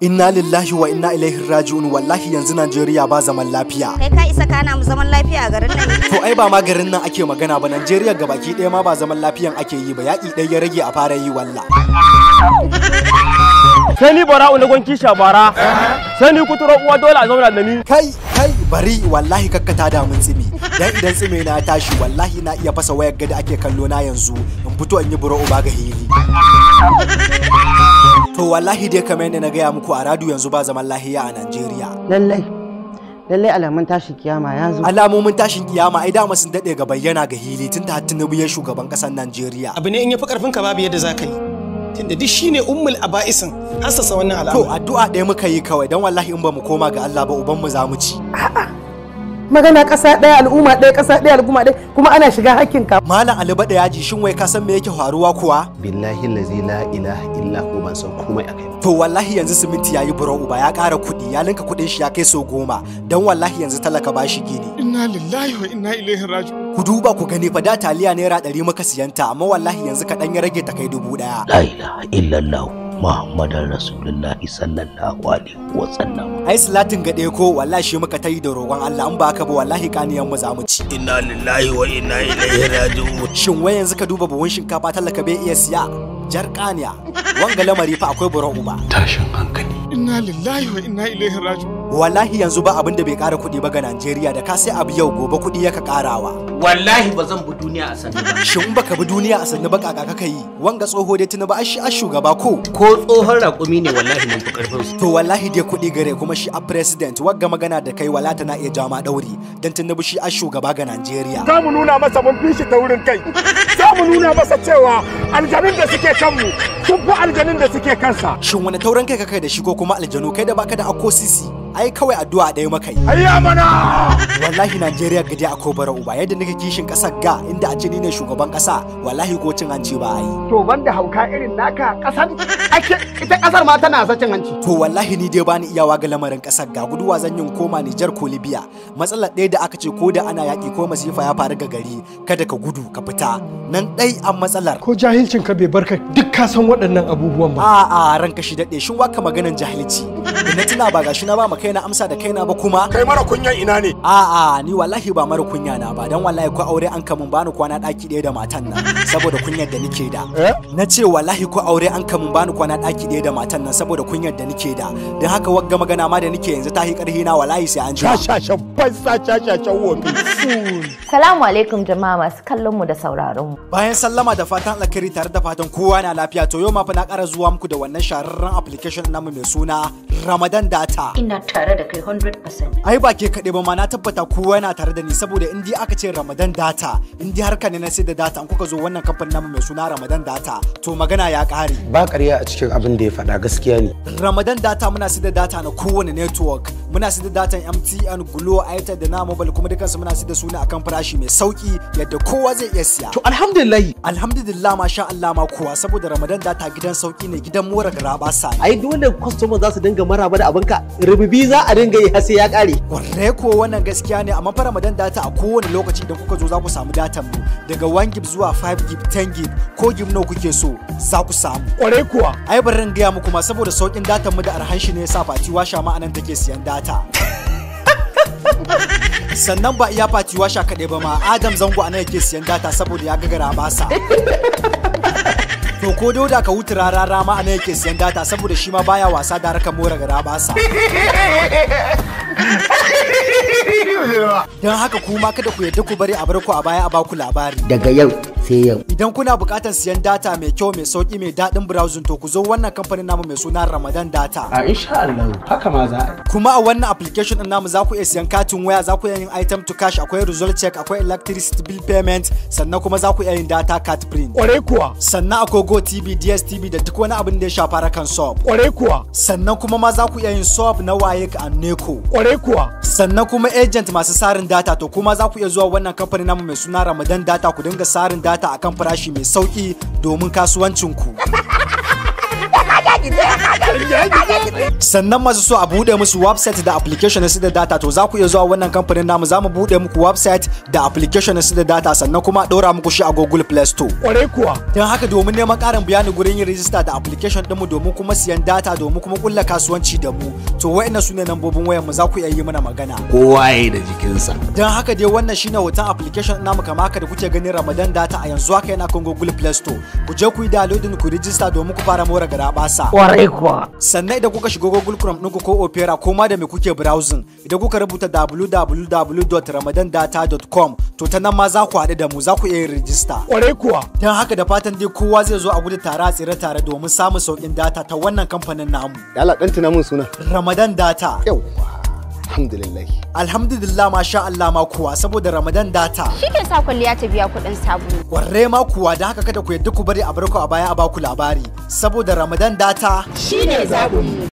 Inna lillahi wa inna ilaihi raji'un wallahi yanzu Najeriya ba zaman lafiya. Kai ka isa kana mu zaman lafiya a garin nan. To ai ba ma garin nan ake magana ba Najeriya gabaki ɗaya ma ba zaman lafiyan ake yi ba yaƙi ɗaya ya rage a fara yi walla. Sai ni bara na gonki shabara. Sai ni kuturo uwa dole a zauna da ni. Kai kai bari wallahi kakkata da mun tsimi. Dan idan tsime na tashi wallahi na iya fasa wayar gada ake kallo na yanzu in fito in yi bura uba ga hili. to wallahi dai kamar yadda na gaya muku a radio yanzu ba zaman lahiya a Najeriya lallai lallai alamun tashin kiyama ya zo alamomin tashin kiyama ai dama sun dade ga bayyana ga hili tun da Tinubu ya shugaban kasar Najeriya abu ne in yafi karfin ka babu yadda zaka yi tunda duk shine ummul aba'isin hassasa wannan alama to addu'a ɗaya muka yi kawai dan wallahi in ba mu koma ga Allah ba uban mu za mu ci magana kasa ɗaya al'umma ɗaya kasa ɗaya al'umma ɗaya kuma ana shiga hakkin ka malam ali bada yaji shin wai ka san me yake faruwa kuwa billahi lazi la ilaha illa hu ban san komai akai to wallahi yanzu siminti yayi bura'u uba ya kara kuɗi ya linka kuɗin shi ya kai so goma dan wallahi yanzu talaka ba shi gini inna lillahi wa inna ilaihi raji ku duba ku gani fa da taliya naira ɗari muka siyanta amma wallahi yanzu kaɗan ya rage ta kai dubu ɗaya la ilaha illallah Muhammad Rasulullahi sallallahu alaihi wa sallam. Ai salatin ga ko wallahi shi muka tayi da roƙon Allah in ba ba wallahi kaniyan mu zamu mu ci. Inna lillahi wa inna ilaihi raji'un. Shin wai yanzu ka duba buhun shinkafa talaka bai iya siya? Jar kaniya. Wanga lamari fa akwai buru uba. Tashin hankali. Inna lillahi wa inna ilaihi raji'un. wallahi yanzu ba abin da bai kara kuɗi ba ga Najeriya da ka sai abu yau gobe kuɗi ka karawa wallahi ba zan bi duniya a sanni ba shin baka bi duniya a sanni ba kaka kaka yi wanga tsoho dai tuna ba shi a shugaba ko ko tsohon raƙumi ne wallahi mun fi karfin su to wallahi dai kuɗi gare kuma shi a president wagga magana da kai wala tana iya jama dauri dan tunubu shi a shugaba ga Najeriya za mu nuna masa mun fi shi ta wurin kai za mu nuna masa cewa aljanun da suke kanmu sun fi aljanun da suke kansa shin wani tauran kai ka kai da shi ko kuma aljanu kai da baka da akosisi? sisi ai kawai addu'a ɗaya maka yi ayya mana wallahi najeriya gadi a kobara uba yadda nake kishin ƙasar ga inda a ce ni ne shugaban ƙasa wallahi ko cin hanci ba a yi to banda hauka irin naka ƙasar ake ita ƙasar ma tana sace hanci to wallahi ni dai bani iyawa ga lamarin ƙasar ga guduwa zan yin koma Nijar ko Libya matsalar ɗaya da aka ce ko da ana yaƙi ko masifa ya faru ga gari kada ka gudu ka fita nan ɗai an matsalar ko jahilcin ka bai barka duk ka san waɗannan abubuwan ba a'a ranka shi daɗe shin waka maganan jahilci da na tuna ba gashi na ba kaina amsa da kaina ba kuma kai mara kunyan ina ne a'a ni wallahi ba mara kunya na ba dan wallahi ko aure an kamun bani kwana daki ɗaya da matan nan saboda kunyar da nake da eh? na ce wallahi ko aure an kamun bani kwana daki ɗaya da matan nan saboda kunyar da nake da dan haka wagga magana ma da nake yanzu ta hi karhi na wallahi sai an ji sha sha sha sha sha sha Assalamu alaikum jama'a masu kallon mu da sauraron mu. Bayan sallama da fatan alkhairi tare da fatan kowa na lafiya to yau ma fa na ƙara zuwa muku da wannan shahararren application namu mai suna Ramadan Data. Ina tare da kai 100%. Ai ba ke kaɗai ba ma na tabbata kowa na tare da ni saboda in dai aka ce Ramadan Data in dai harka ne na sai da data an kuka zo wannan kamfanin namu mai suna Ramadan Data to magana ya ƙare. Ba ƙarya a cikin abin da ya faɗa gaskiya ne. Ramadan Data muna sai da data na kowane network muna sai da data MTN Glo Airtel da na mobile kuma dukansu muna sai da su ne a kamfanin farashi mai sauki yadda kowa zai iya siya to alhamdulillah alhamdulillah masha Allah ma kuwa! saboda Ramadan data gidan sauki ne gidan mora raba sa ai dole customer za su dinga maraba da abinka rububi za a dinga yi har sai ya kare kwarai ko wannan gaskiya ne amma fa Ramadan data a kowane lokaci da kuka zo za ku samu datan mu daga 1 gig zuwa 5 gig 10 gig ko gig nawa kuke so za ku samu kwarai kuwa ai barin gaya muku ma saboda saukin datan mu da arhan shi ne sa fati washa ma anan take siyan data sannan ba iya fatiwa sha kaɗai ba ma adam zango ana yake siyan data saboda ya gagara basa to ko dauda ka wuta rara rama ana yake siyan data saboda shi ma baya wasa da rakan more gara basa Don haka kuma kada ku yadda ku bari a barku a baya a baku labari. Daga yau sai yau. Idan kuna buƙatar siyan data mai kyau mai sauƙi mai daɗin browsing to ku zo wannan kamfanin namu mai suna Ramadan Data. A insha Allah haka ma za a. Kuma a wannan application ɗin namu za ku iya siyan katin waya za ku iya yin item to cash akwai result check akwai electricity bill payment sannan kuma za ku iya yin data card print. Ƙwarai kuwa. Sannan akwai Go TV, DSTV da duk wani abin da ya shafa rakan sub. Ƙwarai kuwa. Sannan kuma ma za ku iya yin sub na waye ka Neko. kwarai kuwa sannan kuma agent masu sarin data to kuma za ku iya zuwa wannan kamfanin namu mai suna Ramadan data ku dinga sarin data akan farashi mai sauki domin kasuwancinku. sannan masu so a buɗe musu website da application su da data to za ku iya zuwa wannan kamfanin namu za mu buɗe muku website da application su da data sannan kuma ɗora muku shi a google play store kwarai kuwa don haka domin neman ƙarin bayani gurin yin register da application mu domin kuma siyan data domin kuma ƙulla kasuwanci da mu to wayannan su ne lambobin wayar mu za ku iya yi mana magana kowa ya da jikinsa don haka dai wannan shine hoton application namu kama haka da kuke ganin ramadan data a yanzu haka yana kan google play store ku je ku yi downloading ku register domin ku fara more gara basa kwarai kuwa kowa. Sannan idan kuka shiga Google Chrome ɗinku ko Opera ko ma da me kuke browsing idan kuka rubuta www.ramadandata.com to ta nan ma za ku haɗu da mu za ku iya yin rijista. Ƙwarai kuwa. Don haka da fatan dai kowa zai zo a gudu tare a tsire tare domin samun sauƙin data ta wannan kamfanin namu. Yala ɗan tuna suna. Ramadan Data. Yawwa. alhamdulillah alhamdulillah sha Allah ma kuwa saboda ramadan data shi ke sa kwalliya ta biya kuɗin sabulu warre ma kuwa da haka kada ku yadda ku bari a barko a baya a baku labari saboda ramadan data shine ne